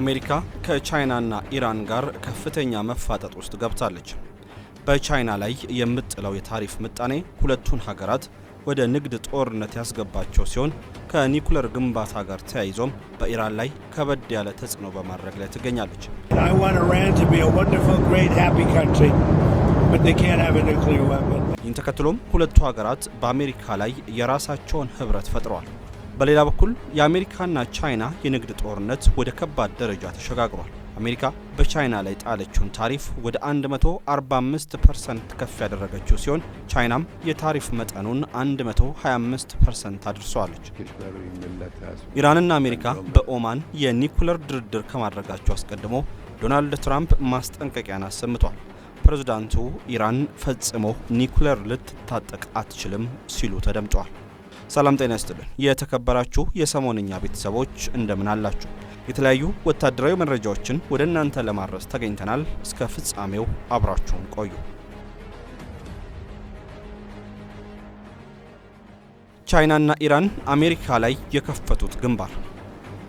አሜሪካ ከቻይናና ኢራን ጋር ከፍተኛ መፋጠጥ ውስጥ ገብታለች። በቻይና ላይ የምጥለው የታሪፍ ምጣኔ ሁለቱን ሀገራት ወደ ንግድ ጦርነት ያስገባቸው ሲሆን ከኒኩለር ግንባታ ጋር ተያይዞም በኢራን ላይ ከበድ ያለ ተጽዕኖ በማድረግ ላይ ትገኛለች። ይህን ተከትሎም ሁለቱ ሀገራት በአሜሪካ ላይ የራሳቸውን ህብረት ፈጥረዋል። በሌላ በኩል የአሜሪካና ቻይና የንግድ ጦርነት ወደ ከባድ ደረጃ ተሸጋግሯል። አሜሪካ በቻይና ላይ ጣለችውን ታሪፍ ወደ 145 ፐርሰንት ከፍ ያደረገችው ሲሆን ቻይናም የታሪፍ መጠኑን 125 ፐርሰንት አድርሰዋለች። ኢራንና አሜሪካ በኦማን የኒኩለር ድርድር ከማድረጋቸው አስቀድሞ ዶናልድ ትራምፕ ማስጠንቀቂያን አሰምቷል። ፕሬዚዳንቱ ኢራን ፈጽሞ ኒኩለር ልትታጠቅ አትችልም ሲሉ ተደምጠዋል። ሰላም ጤና ይስጥልን። የተከበራችሁ የሰሞንኛ ቤተሰቦች እንደምን አላችሁ? የተለያዩ ወታደራዊ መረጃዎችን ወደ እናንተ ለማድረስ ተገኝተናል። እስከ ፍጻሜው አብራችሁን ቆዩ። ቻይናና ኢራን አሜሪካ ላይ የከፈቱት ግንባር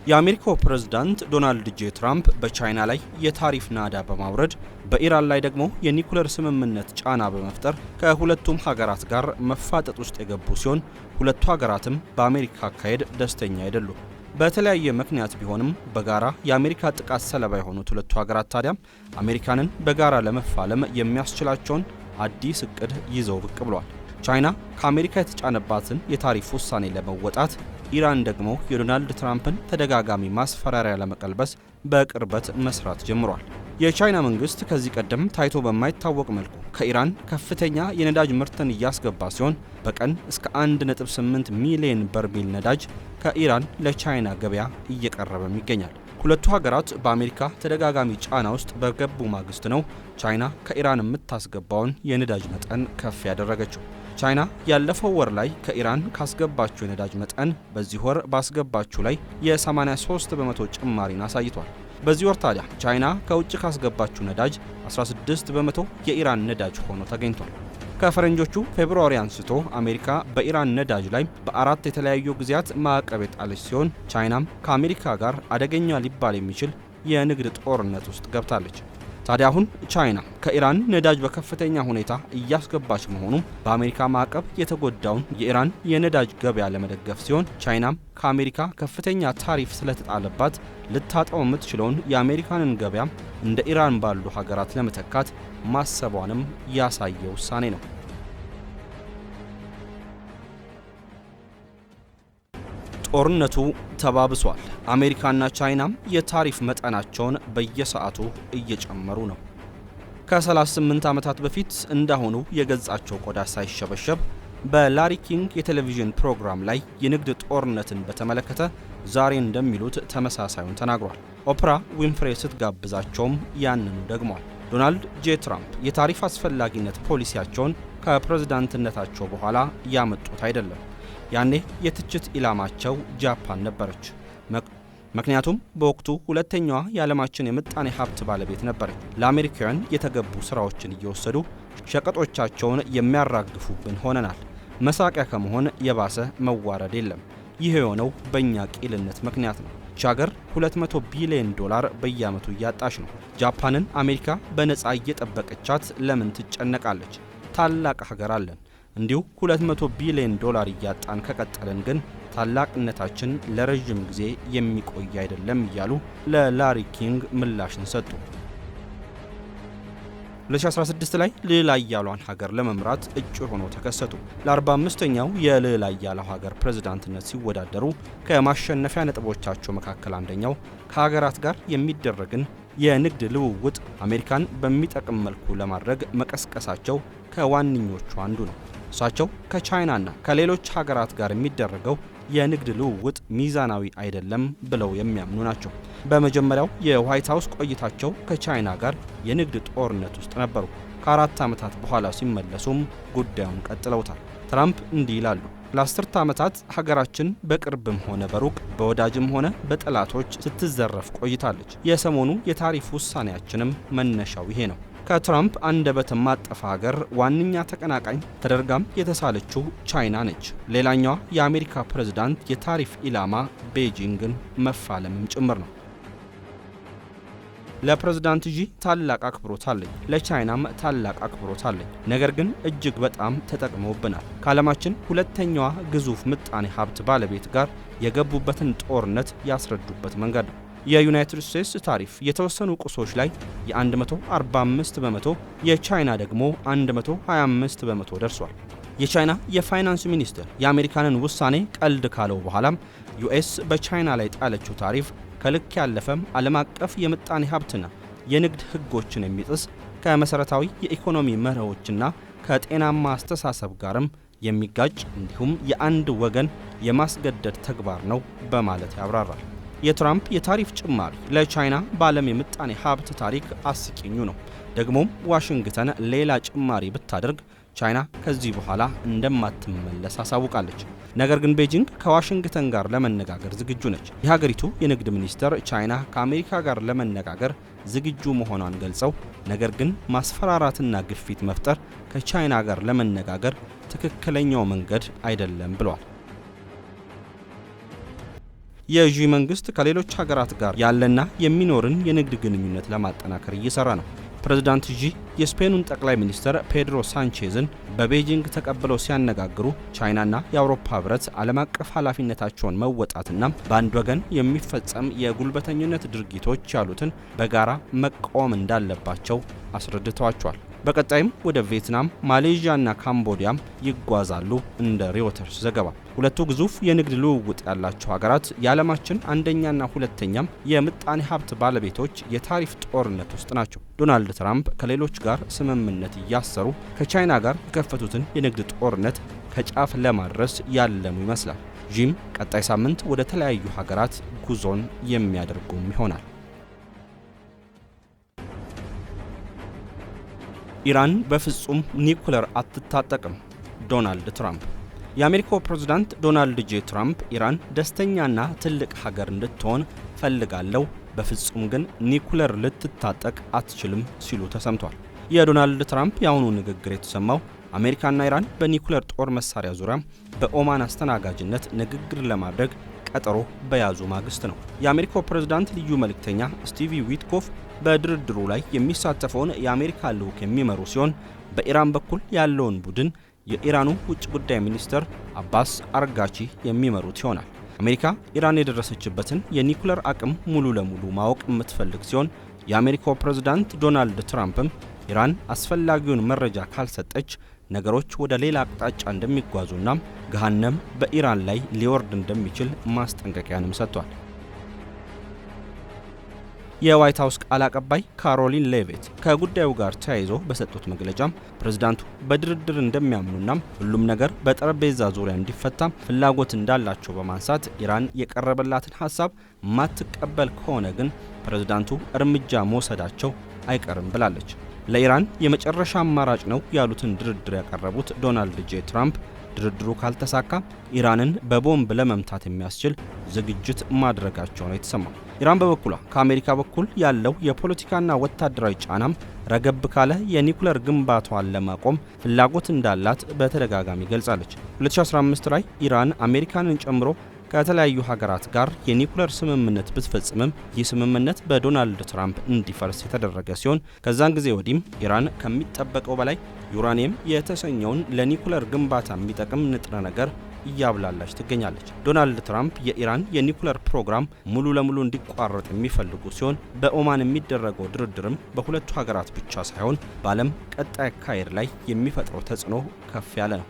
የአሜሪካው ፕሬዝዳንት ዶናልድ ጄ ትራምፕ በቻይና ላይ የታሪፍ ናዳ በማውረድ በኢራን ላይ ደግሞ የኒኩለር ስምምነት ጫና በመፍጠር ከሁለቱም ሀገራት ጋር መፋጠጥ ውስጥ የገቡ ሲሆን ሁለቱ ሀገራትም በአሜሪካ አካሄድ ደስተኛ አይደሉም። በተለያየ ምክንያት ቢሆንም በጋራ የአሜሪካ ጥቃት ሰለባ የሆኑት ሁለቱ ሀገራት ታዲያም አሜሪካንን በጋራ ለመፋለም የሚያስችላቸውን አዲስ እቅድ ይዘው ብቅ ብሏል። ቻይና ከአሜሪካ የተጫነባትን የታሪፍ ውሳኔ ለመወጣት ኢራን ደግሞ የዶናልድ ትራምፕን ተደጋጋሚ ማስፈራሪያ ለመቀልበስ በቅርበት መስራት ጀምሯል። የቻይና መንግስት ከዚህ ቀደም ታይቶ በማይታወቅ መልኩ ከኢራን ከፍተኛ የነዳጅ ምርትን እያስገባ ሲሆን በቀን እስከ 1.8 ሚሊዮን በርሜል ነዳጅ ከኢራን ለቻይና ገበያ እየቀረበም ይገኛል። ሁለቱ ሀገራት በአሜሪካ ተደጋጋሚ ጫና ውስጥ በገቡ ማግስት ነው ቻይና ከኢራን የምታስገባውን የነዳጅ መጠን ከፍ ያደረገችው። ቻይና ያለፈው ወር ላይ ከኢራን ካስገባችው የነዳጅ መጠን በዚህ ወር ባስገባችው ላይ የ83 በመቶ ጭማሪን አሳይቷል። በዚህ ወር ታዲያ ቻይና ከውጭ ካስገባችው ነዳጅ 16 በመቶ የኢራን ነዳጅ ሆኖ ተገኝቷል። ከፈረንጆቹ ፌብርዋሪ አንስቶ አሜሪካ በኢራን ነዳጅ ላይ በአራት የተለያዩ ጊዜያት ማዕቀብ የጣለች ሲሆን ቻይናም ከአሜሪካ ጋር አደገኛ ሊባል የሚችል የንግድ ጦርነት ውስጥ ገብታለች። ታዲያ አሁን ቻይና ከኢራን ነዳጅ በከፍተኛ ሁኔታ እያስገባች መሆኑም በአሜሪካ ማዕቀብ የተጎዳውን የኢራን የነዳጅ ገበያ ለመደገፍ ሲሆን ቻይናም ከአሜሪካ ከፍተኛ ታሪፍ ስለተጣለባት ልታጣው የምትችለውን የአሜሪካንን ገበያ እንደ ኢራን ባሉ ሀገራት ለመተካት ማሰቧንም ያሳየ ውሳኔ ነው። ጦርነቱ ተባብሷል። አሜሪካና ቻይናም የታሪፍ መጠናቸውን በየሰዓቱ እየጨመሩ ነው። ከ38 ዓመታት በፊት እንዳሁኑ የገጻቸው ቆዳ ሳይሸበሸብ በላሪ ኪንግ የቴሌቪዥን ፕሮግራም ላይ የንግድ ጦርነትን በተመለከተ ዛሬ እንደሚሉት ተመሳሳዩን ተናግሯል። ኦፕራ ዊንፍሬ ስትጋብዛቸውም ያንኑ ደግሟል። ዶናልድ ጄ ትራምፕ የታሪፍ አስፈላጊነት ፖሊሲያቸውን ከፕሬዝዳንትነታቸው በኋላ ያመጡት አይደለም። ያኔ የትችት ኢላማቸው ጃፓን ነበረች። ምክንያቱም በወቅቱ ሁለተኛዋ የዓለማችን የምጣኔ ሀብት ባለቤት ነበረች። ለአሜሪካውያን የተገቡ ሥራዎችን እየወሰዱ ሸቀጦቻቸውን የሚያራግፉብን ሆነናል። መሳቂያ ከመሆን የባሰ መዋረድ የለም። ይህ የሆነው በእኛ ቂልነት ምክንያት ነው። ይች ሀገር 200 ቢሊዮን ዶላር በየዓመቱ እያጣች ነው። ጃፓንን አሜሪካ በነፃ እየጠበቀቻት ለምን ትጨነቃለች? ታላቅ ሀገር አለን። እንዲሁ 200 ቢሊዮን ዶላር እያጣን ከቀጠልን ግን ታላቅነታችን ለረዥም ጊዜ የሚቆይ አይደለም እያሉ ለላሪ ኪንግ ምላሽን ሰጡ። 2016 ላይ ልዕለ ኃያሏን ሀገር ለመምራት እጩ ሆኖ ተከሰቱ። ለ45ኛው የልዕለ ኃያሏ ሀገር ፕሬዝዳንትነት ሲወዳደሩ ከማሸነፊያ ነጥቦቻቸው መካከል አንደኛው ከሀገራት ጋር የሚደረግን የንግድ ልውውጥ አሜሪካን በሚጠቅም መልኩ ለማድረግ መቀስቀሳቸው ከዋነኞቹ አንዱ ነው። እሳቸው ከቻይናና ከሌሎች ሀገራት ጋር የሚደረገው የንግድ ልውውጥ ሚዛናዊ አይደለም ብለው የሚያምኑ ናቸው። በመጀመሪያው የዋይት ሀውስ ቆይታቸው ከቻይና ጋር የንግድ ጦርነት ውስጥ ነበሩ። ከአራት ዓመታት በኋላ ሲመለሱም ጉዳዩን ቀጥለውታል። ትራምፕ እንዲህ ይላሉ። ለአስርተ ዓመታት ሀገራችን በቅርብም ሆነ በሩቅ በወዳጅም ሆነ በጠላቶች ስትዘረፍ ቆይታለች። የሰሞኑ የታሪፍ ውሳኔያችንም መነሻው ይሄ ነው። ከትራምፕ አንደበት የማጠፋ ሀገር ዋነኛ ተቀናቃኝ ተደርጋም የተሳለችው ቻይና ነች። ሌላኛዋ የአሜሪካ ፕሬዝዳንት የታሪፍ ኢላማ ቤጂንግን መፋለምም ጭምር ነው። ለፕሬዝዳንት ዢ ታላቅ አክብሮት አለኝ፣ ለቻይናም ታላቅ አክብሮት አለኝ። ነገር ግን እጅግ በጣም ተጠቅመውብናል። ከዓለማችን ሁለተኛዋ ግዙፍ ምጣኔ ሀብት ባለቤት ጋር የገቡበትን ጦርነት ያስረዱበት መንገድ ነው። የዩናይትድ ስቴትስ ታሪፍ የተወሰኑ ቁሶች ላይ የ145 በመቶ የቻይና ደግሞ 125 በመቶ ደርሷል። የቻይና የፋይናንስ ሚኒስትር የአሜሪካንን ውሳኔ ቀልድ ካለው በኋላም ዩኤስ በቻይና ላይ ጣለችው ታሪፍ ከልክ ያለፈም ዓለም አቀፍ የምጣኔ ሀብትና የንግድ ሕጎችን የሚጥስ ከመሠረታዊ የኢኮኖሚ መርሆችና ከጤናማ አስተሳሰብ ጋርም የሚጋጭ እንዲሁም የአንድ ወገን የማስገደድ ተግባር ነው በማለት ያብራራል። የትራምፕ የታሪፍ ጭማሪ ለቻይና በዓለም የምጣኔ ሀብት ታሪክ አስቂኙ ነው። ደግሞም ዋሽንግተን ሌላ ጭማሪ ብታደርግ ቻይና ከዚህ በኋላ እንደማትመለስ አሳውቃለች። ነገር ግን ቤጂንግ ከዋሽንግተን ጋር ለመነጋገር ዝግጁ ነች። የሀገሪቱ የንግድ ሚኒስትር ቻይና ከአሜሪካ ጋር ለመነጋገር ዝግጁ መሆኗን ገልጸው፣ ነገር ግን ማስፈራራትና ግፊት መፍጠር ከቻይና ጋር ለመነጋገር ትክክለኛው መንገድ አይደለም ብለዋል። የዢ መንግስት ከሌሎች ሀገራት ጋር ያለና የሚኖርን የንግድ ግንኙነት ለማጠናከር እየሰራ ነው። ፕሬዝዳንት ዢ የስፔኑን ጠቅላይ ሚኒስትር ፔድሮ ሳንቼዝን በቤጂንግ ተቀብለው ሲያነጋግሩ ቻይናና የአውሮፓ ህብረት ዓለም አቀፍ ኃላፊነታቸውን መወጣትና በአንድ ወገን የሚፈጸም የጉልበተኝነት ድርጊቶች ያሉትን በጋራ መቃወም እንዳለባቸው አስረድተዋቸዋል። በቀጣይም ወደ ቪየትናም፣ ማሌዥያና ካምቦዲያም ይጓዛሉ። እንደ ሪውተርስ ዘገባ ሁለቱ ግዙፍ የንግድ ልውውጥ ያላቸው ሀገራት የዓለማችን አንደኛና ሁለተኛም የምጣኔ ሀብት ባለቤቶች የታሪፍ ጦርነት ውስጥ ናቸው። ዶናልድ ትራምፕ ከሌሎች ጋር ስምምነት እያሰሩ ከቻይና ጋር የከፈቱትን የንግድ ጦርነት ከጫፍ ለማድረስ ያለሙ ይመስላል። ጂም ቀጣይ ሳምንት ወደ ተለያዩ ሀገራት ጉዞን የሚያደርጉም ይሆናል። ኢራን በፍጹም ኒኩለር አትታጠቅም ዶናልድ ትራምፕ። የአሜሪካው ፕሬዝዳንት ዶናልድ ጄ ትራምፕ ኢራን ደስተኛና ትልቅ ሀገር እንድትሆን ፈልጋለሁ፣ በፍጹም ግን ኒኩለር ልትታጠቅ አትችልም ሲሉ ተሰምቷል። የዶናልድ ትራምፕ የአሁኑ ንግግር የተሰማው አሜሪካና ኢራን በኒኩለር ጦር መሳሪያ ዙሪያ በኦማን አስተናጋጅነት ንግግር ለማድረግ ቀጠሮ በያዙ ማግስት ነው። የአሜሪካው ፕሬዝዳንት ልዩ መልእክተኛ ስቲቪ ዊትኮፍ በድርድሩ ላይ የሚሳተፈውን የአሜሪካ ልዑክ የሚመሩ ሲሆን በኢራን በኩል ያለውን ቡድን የኢራኑ ውጭ ጉዳይ ሚኒስትር አባስ አርጋቺ የሚመሩት ይሆናል። አሜሪካ ኢራን የደረሰችበትን የኒኩለር አቅም ሙሉ ለሙሉ ማወቅ የምትፈልግ ሲሆን የአሜሪካው ፕሬዝዳንት ዶናልድ ትራምፕም ኢራን አስፈላጊውን መረጃ ካልሰጠች ነገሮች ወደ ሌላ አቅጣጫ እንደሚጓዙና ገሃነም በኢራን ላይ ሊወርድ እንደሚችል ማስጠንቀቂያንም ሰጥቷል። የዋይት ሀውስ ቃል አቀባይ ካሮሊን ሌቬት ከጉዳዩ ጋር ተያይዞ በሰጡት መግለጫም ፕሬዝዳንቱ በድርድር እንደሚያምኑና ሁሉም ነገር በጠረጴዛ ዙሪያ እንዲፈታ ፍላጎት እንዳላቸው በማንሳት ኢራን የቀረበላትን ሀሳብ ማትቀበል ከሆነ ግን ፕሬዝዳንቱ እርምጃ መውሰዳቸው አይቀርም ብላለች። ለኢራን የመጨረሻ አማራጭ ነው ያሉትን ድርድር ያቀረቡት ዶናልድ ጄ ትራምፕ ድርድሩ ካልተሳካ ኢራንን በቦምብ ለመምታት የሚያስችል ዝግጅት ማድረጋቸው ነው የተሰማው። ኢራን በበኩሏ ከአሜሪካ በኩል ያለው የፖለቲካና ወታደራዊ ጫናም ረገብ ካለ የኒኩለር ግንባታዋን ለማቆም ፍላጎት እንዳላት በተደጋጋሚ ገልጻለች። 2015 ላይ ኢራን አሜሪካንን ጨምሮ ከተለያዩ ሀገራት ጋር የኒኩለር ስምምነት ብትፈጽምም ይህ ስምምነት በዶናልድ ትራምፕ እንዲፈርስ የተደረገ ሲሆን ከዛን ጊዜ ወዲህም ኢራን ከሚጠበቀው በላይ ዩራኒየም የተሰኘውን ለኒኩለር ግንባታ የሚጠቅም ንጥረ ነገር እያብላላች ትገኛለች። ዶናልድ ትራምፕ የኢራን የኒኩለር ፕሮግራም ሙሉ ለሙሉ እንዲቋረጥ የሚፈልጉ ሲሆን በኦማን የሚደረገው ድርድርም በሁለቱ ሀገራት ብቻ ሳይሆን በዓለም ቀጣይ አካሄድ ላይ የሚፈጥረው ተጽዕኖ ከፍ ያለ ነው።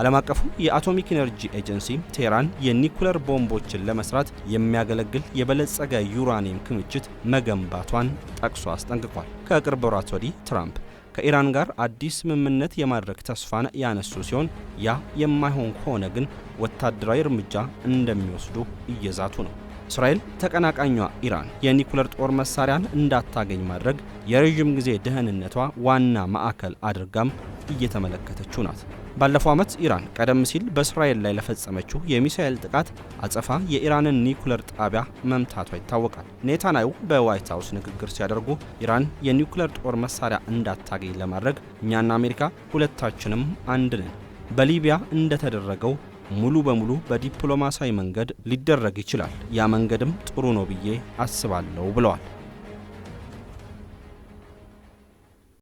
ዓለም አቀፉ የአቶሚክ ኢነርጂ ኤጀንሲ ቴህራን የኒኩለር ቦምቦችን ለመስራት የሚያገለግል የበለጸገ ዩራኒየም ክምችት መገንባቷን ጠቅሶ አስጠንቅቋል። ከቅርብ ወራት ወዲህ ትራምፕ ከኢራን ጋር አዲስ ስምምነት የማድረግ ተስፋን ያነሱ ሲሆን ያ የማይሆን ከሆነ ግን ወታደራዊ እርምጃ እንደሚወስዱ እየዛቱ ነው። እስራኤል ተቀናቃኟ ኢራን የኒኩለር ጦር መሳሪያን እንዳታገኝ ማድረግ የረዥም ጊዜ ደህንነቷ ዋና ማዕከል አድርጋም እየተመለከተችው ናት። ባለፈው ዓመት ኢራን ቀደም ሲል በእስራኤል ላይ ለፈጸመችው የሚሳኤል ጥቃት አጸፋ የኢራንን ኒውክለር ጣቢያ መምታቷ ይታወቃል። ኔታንያሁ በዋይት ሀውስ ንግግር ሲያደርጉ ኢራን የኒውክለር ጦር መሳሪያ እንዳታገኝ ለማድረግ እኛና አሜሪካ ሁለታችንም አንድ ነን፣ በሊቢያ እንደተደረገው ሙሉ በሙሉ በዲፕሎማሲያዊ መንገድ ሊደረግ ይችላል፣ ያ መንገድም ጥሩ ነው ብዬ አስባለሁ ብለዋል።